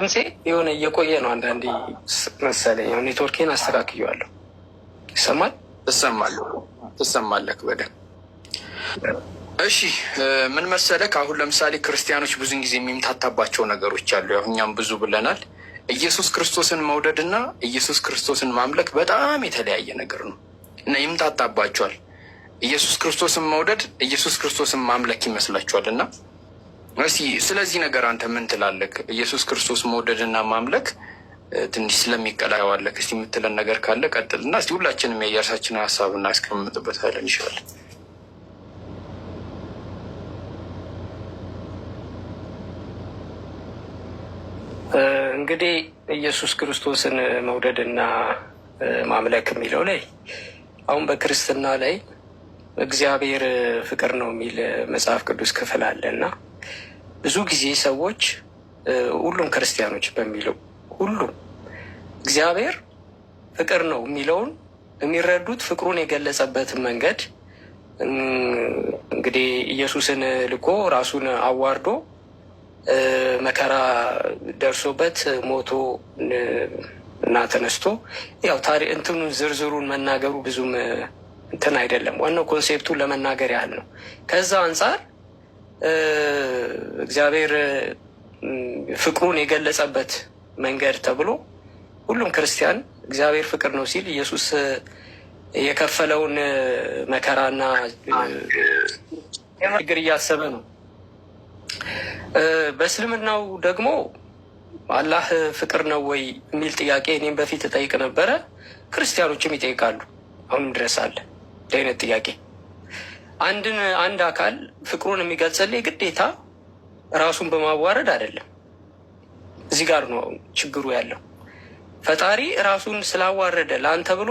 ድምፄ የሆነ እየቆየ ነው። አንዳንዴ መሰለኝ ኔትወርኬን አስተካክያለሁ። ይሰማል ትሰማለህ ትሰማለህ በደንብ እሺ። ምን መሰለህ አሁን ለምሳሌ ክርስቲያኖች ብዙን ጊዜ የሚምታታባቸው ነገሮች አሉ። ያው እኛም ብዙ ብለናል። ኢየሱስ ክርስቶስን መውደድ እና ኢየሱስ ክርስቶስን ማምለክ በጣም የተለያየ ነገር ነው እና ይምታታባቸዋል። ኢየሱስ ክርስቶስን መውደድ ኢየሱስ ክርስቶስን ማምለክ ይመስላችኋል እና እስኪ ስለዚህ ነገር አንተ ምን ትላለህ? ኢየሱስ ክርስቶስ መውደድና ማምለክ ትንሽ ስለሚቀላዋለክ እስኪ የምትለን ነገር ካለ ቀጥልና እስ ሁላችንም የየራሳችንን ሀሳብ እናስቀምጥበታለን ይሻል። እንግዲህ ኢየሱስ ክርስቶስን መውደድና ማምለክ የሚለው ላይ አሁን በክርስትና ላይ እግዚአብሔር ፍቅር ነው የሚል መጽሐፍ ቅዱስ ክፍል አለ እና ብዙ ጊዜ ሰዎች ሁሉም ክርስቲያኖች በሚለው ሁሉም እግዚአብሔር ፍቅር ነው የሚለውን የሚረዱት ፍቅሩን የገለጸበትን መንገድ እንግዲህ ኢየሱስን ልኮ ራሱን አዋርዶ መከራ ደርሶበት ሞቶ እና ተነስቶ ያው ታሪ እንትኑን ዝርዝሩን መናገሩ ብዙም እንትን አይደለም። ዋናው ኮንሴፕቱ ለመናገር ያህል ነው። ከዛ አንጻር እግዚአብሔር ፍቅሩን የገለጸበት መንገድ ተብሎ ሁሉም ክርስቲያን እግዚአብሔር ፍቅር ነው ሲል ኢየሱስ የከፈለውን መከራና ችግር እያሰበ ነው። በእስልምናው ደግሞ አላህ ፍቅር ነው ወይ የሚል ጥያቄ እኔም በፊት እጠይቅ ነበረ። ክርስቲያኖችም ይጠይቃሉ፣ አሁንም ድረስ አለ አይነት ጥያቄ አንድን አንድ አካል ፍቅሩን የሚገልጽልህ ግዴታ ራሱን በማዋረድ አይደለም። እዚህ ጋር ነው ችግሩ ያለው። ፈጣሪ ራሱን ስላዋረደ ለአንተ ብሎ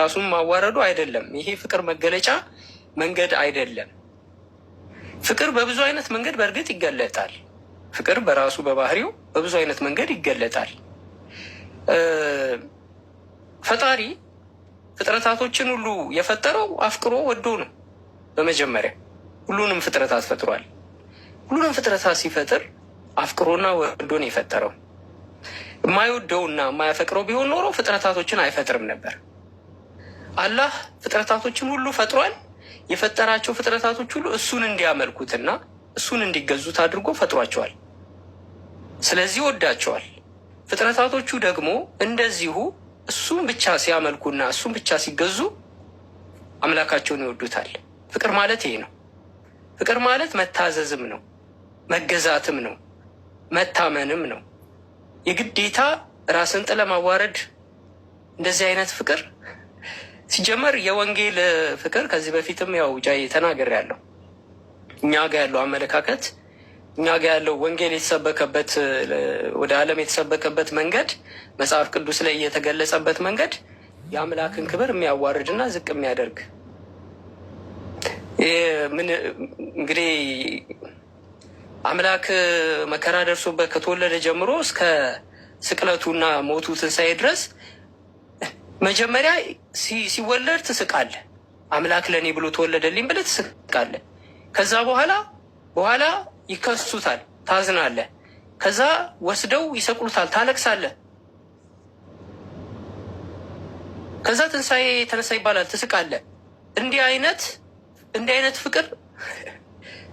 ራሱን ማዋረዱ አይደለም። ይሄ ፍቅር መገለጫ መንገድ አይደለም። ፍቅር በብዙ አይነት መንገድ በእርግጥ ይገለጣል። ፍቅር በራሱ በባህሪው በብዙ አይነት መንገድ ይገለጣል። ፈጣሪ ፍጥረታቶችን ሁሉ የፈጠረው አፍቅሮ ወዶ ነው። በመጀመሪያ ሁሉንም ፍጥረታት ፈጥሯል። ሁሉንም ፍጥረታት ሲፈጥር አፍቅሮና ነው የፈጠረው የማይወደውና የማያፈቅረው ቢሆን ኖሮ ፍጥረታቶችን አይፈጥርም ነበር። አላህ ፍጥረታቶችን ሁሉ ፈጥሯል። የፈጠራቸው ፍጥረታቶች ሁሉ እሱን እንዲያመልኩትና እሱን እንዲገዙት አድርጎ ፈጥሯቸዋል። ስለዚህ ወዳቸዋል። ፍጥረታቶቹ ደግሞ እንደዚሁ እሱን ብቻ ሲያመልኩና እሱን ብቻ ሲገዙ አምላካቸውን ይወዱታል። ፍቅር ማለት ይሄ ነው። ፍቅር ማለት መታዘዝም ነው፣ መገዛትም ነው፣ መታመንም ነው። የግዴታ ራስን ጥለ ማዋረድ እንደዚህ አይነት ፍቅር ሲጀመር የወንጌል ፍቅር ከዚህ በፊትም ያው ጃዬ ተናገር ያለው እኛ ጋ ያለው አመለካከት እኛ ጋ ያለው ወንጌል የተሰበከበት ወደ ዓለም የተሰበከበት መንገድ መጽሐፍ ቅዱስ ላይ የተገለጸበት መንገድ የአምላክን ክብር የሚያዋርድ እና ዝቅ የሚያደርግ ምን እንግዲህ አምላክ መከራ ደርሶበት ከተወለደ ጀምሮ እስከ ስቅለቱና ሞቱ ትንሳኤ ድረስ መጀመሪያ ሲወለድ ትስቃለ አምላክ ለእኔ ብሎ ተወለደልኝ ብለ ትስቃለ። ከዛ በኋላ በኋላ ይከሱታል፣ ታዝናለ ከዛ ወስደው ይሰቅሉታል፣ ታለቅሳለህ። ከዛ ትንሳኤ ተነሳ ይባላል፣ ትስቃለ። እንዲህ አይነት እንዲህ አይነት ፍቅር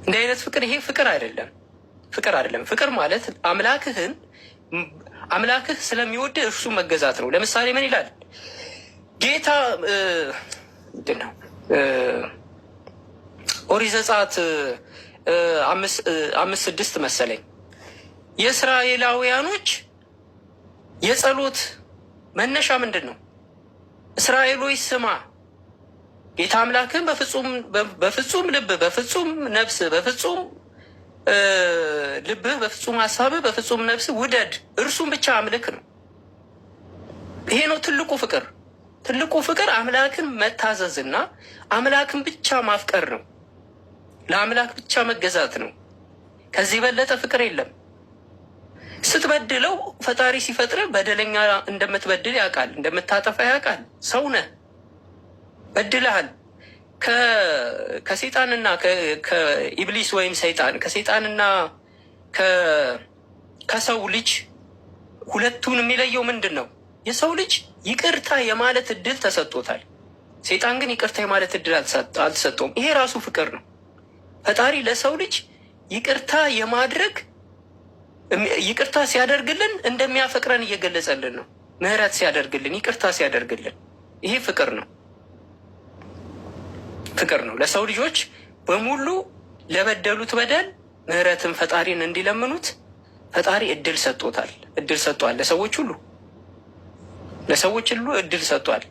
እንዲህ አይነት ፍቅር ይሄ ፍቅር አይደለም፣ ፍቅር አይደለም። ፍቅር ማለት አምላክህን አምላክህ ስለሚወድህ እርሱ መገዛት ነው። ለምሳሌ ምን ይላል ጌታ ምንድን ነው ኦሪት ዘጸአት አምስት ስድስት መሰለኝ የእስራኤላውያኖች የጸሎት መነሻ ምንድን ነው? እስራኤሎች ስማ ጌታ አምላክን በፍጹም ልብ፣ በፍጹም ነፍስ፣ በፍጹም ልብህ፣ በፍጹም ሀሳብህ፣ በፍጹም ነፍስ ውደድ፣ እርሱን ብቻ አምልክ ነው። ይሄ ነው ትልቁ ፍቅር። ትልቁ ፍቅር አምላክን መታዘዝና አምላክን ብቻ ማፍቀር ነው። ለአምላክ ብቻ መገዛት ነው። ከዚህ የበለጠ ፍቅር የለም። ስትበድለው ፈጣሪ ሲፈጥር በደለኛ እንደምትበድል ያውቃል፣ እንደምታጠፋ ያውቃል። ሰው ነህ። እድልሃል ከሴጣንና ከኢብሊስ ወይም ሰይጣን ከሴጣንና ከሰው ልጅ ሁለቱን የሚለየው ምንድን ነው? የሰው ልጅ ይቅርታ የማለት እድል ተሰጥቶታል። ሴጣን ግን ይቅርታ የማለት እድል አልተሰጠውም። ይሄ ራሱ ፍቅር ነው። ፈጣሪ ለሰው ልጅ ይቅርታ የማድረግ ይቅርታ ሲያደርግልን እንደሚያፈቅረን እየገለጸልን ነው። ምህረት ሲያደርግልን፣ ይቅርታ ሲያደርግልን፣ ይሄ ፍቅር ነው። ፍቅር ነው። ለሰው ልጆች በሙሉ ለበደሉት በደል ምህረትን ፈጣሪን እንዲለምኑት ፈጣሪ እድል ሰጥቶታል። እድል ሰጥቷል። ለሰዎች ሁሉ ለሰዎች ሁሉ እድል ሰጥቷል።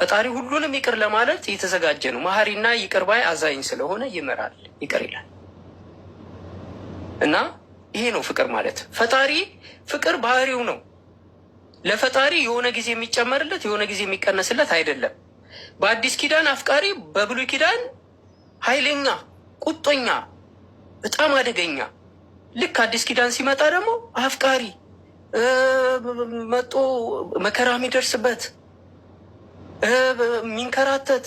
ፈጣሪ ሁሉንም ይቅር ለማለት የተዘጋጀ ነው። መሐሪና ይቅር ባይ አዛኝ ስለሆነ ይምራል፣ ይቅር ይላል እና ይሄ ነው ፍቅር ማለት። ፈጣሪ ፍቅር ባህሪው ነው። ለፈጣሪ የሆነ ጊዜ የሚጨመርለት የሆነ ጊዜ የሚቀነስለት አይደለም። በአዲስ ኪዳን አፍቃሪ፣ በብሉይ ኪዳን ኃይለኛ፣ ቁጦኛ፣ በጣም አደገኛ። ልክ አዲስ ኪዳን ሲመጣ ደግሞ አፍቃሪ መጦ መከራ የሚደርስበት የሚንከራተት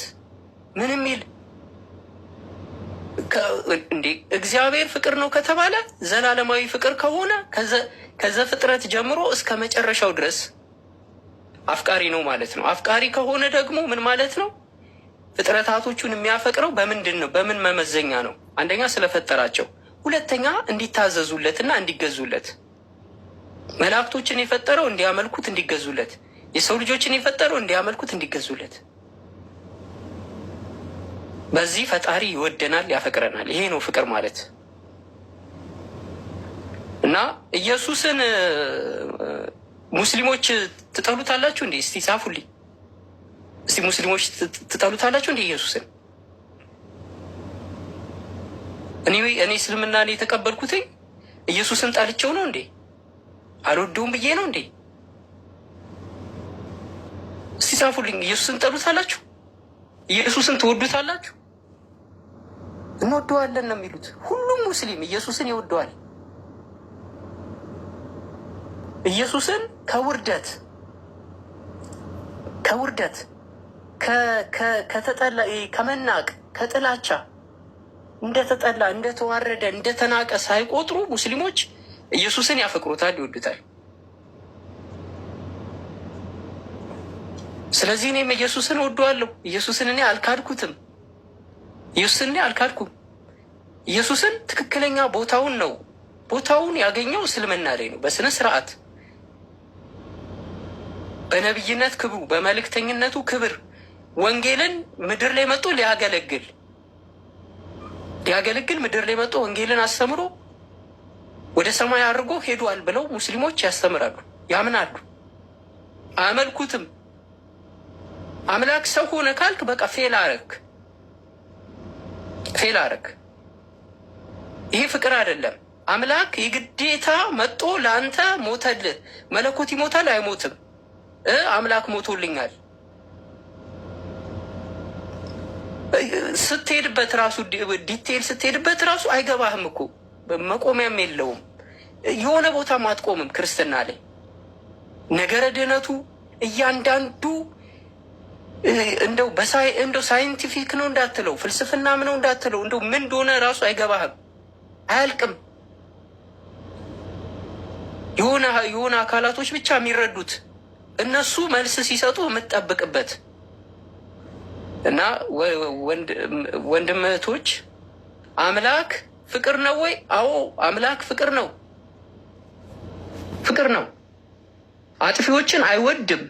ምን የሚል እግዚአብሔር ፍቅር ነው ከተባለ ዘላለማዊ ፍቅር ከሆነ ከዘ ፍጥረት ጀምሮ እስከ መጨረሻው ድረስ አፍቃሪ ነው ማለት ነው። አፍቃሪ ከሆነ ደግሞ ምን ማለት ነው? ፍጥረታቶቹን የሚያፈቅረው በምንድን ነው? በምን መመዘኛ ነው? አንደኛ ስለፈጠራቸው፣ ሁለተኛ እንዲታዘዙለትና እንዲገዙለት። መላእክቶችን የፈጠረው እንዲያመልኩት እንዲገዙለት፣ የሰው ልጆችን የፈጠረው እንዲያመልኩት እንዲገዙለት። በዚህ ፈጣሪ ይወደናል፣ ያፈቅረናል። ይሄ ነው ፍቅር ማለት እና ኢየሱስን ሙስሊሞች ትጠሉታላችሁ እንዴ? እስቲ ጻፉልኝ። እስቲ ሙስሊሞች ትጠሉታላችሁ እንዴ ኢየሱስን? እኔ እኔ እስልምና እኔ የተቀበልኩትኝ ኢየሱስን ጣልቸው ነው እንዴ? አልወደውም ብዬ ነው እንዴ? እስቲ ጻፉልኝ። ኢየሱስን ትጠሉታላችሁ? ኢየሱስን ትወዱታላችሁ? እንወደዋለን ነው የሚሉት። ሁሉም ሙስሊም ኢየሱስን ይወደዋል። ኢየሱስን ከውርደት ከውርደት ከተጠላ ከመናቅ ከጥላቻ እንደተጠላ እንደተዋረደ እንደተናቀ ሳይቆጥሩ ሙስሊሞች ኢየሱስን ያፈቅሩታል፣ ይወዱታል። ስለዚህ እኔም ኢየሱስን ወደዋለሁ። ኢየሱስን እኔ አልካድኩትም። ኢየሱስን እኔ አልካድኩም። ኢየሱስን ትክክለኛ ቦታውን ነው ቦታውን ያገኘው እስልምና ላይ ነው በስነ ስርዓት በነብይነት ክብሩ በመልእክተኝነቱ ክብር ወንጌልን ምድር ላይ መጥቶ ሊያገለግል ሊያገለግል ምድር ላይ መጥቶ ወንጌልን አስተምሮ ወደ ሰማይ አድርጎ ሄዷል ብለው ሙስሊሞች ያስተምራሉ፣ ያምናሉ፣ አያመልኩትም። አምላክ ሰው ሆነ ካልክ በቃ ፌል አረክ፣ ፌል አረክ። ይሄ ፍቅር አይደለም። አምላክ የግዴታ መጥቶ ለአንተ ሞተልህ። መለኮት ይሞታል አይሞትም? አምላክ ሞቶልኛል ስትሄድበት ራሱ ዲቴል ስትሄድበት ራሱ አይገባህም እኮ መቆሚያም የለውም። የሆነ ቦታም አትቆምም። ክርስትና ላይ ነገረ ድህነቱ እያንዳንዱ እንደው በሳይ እንደው ሳይንቲፊክ ነው እንዳትለው ፍልስፍናም ነው እንዳትለው እንደው ምን እንደሆነ ራሱ አይገባህም፣ አያልቅም። የሆነ የሆነ አካላቶች ብቻ የሚረዱት እነሱ መልስ ሲሰጡ የምትጠብቅበት እና ወንድም እህቶች አምላክ ፍቅር ነው ወይ? አዎ አምላክ ፍቅር ነው፣ ፍቅር ነው። አጥፊዎችን አይወድም።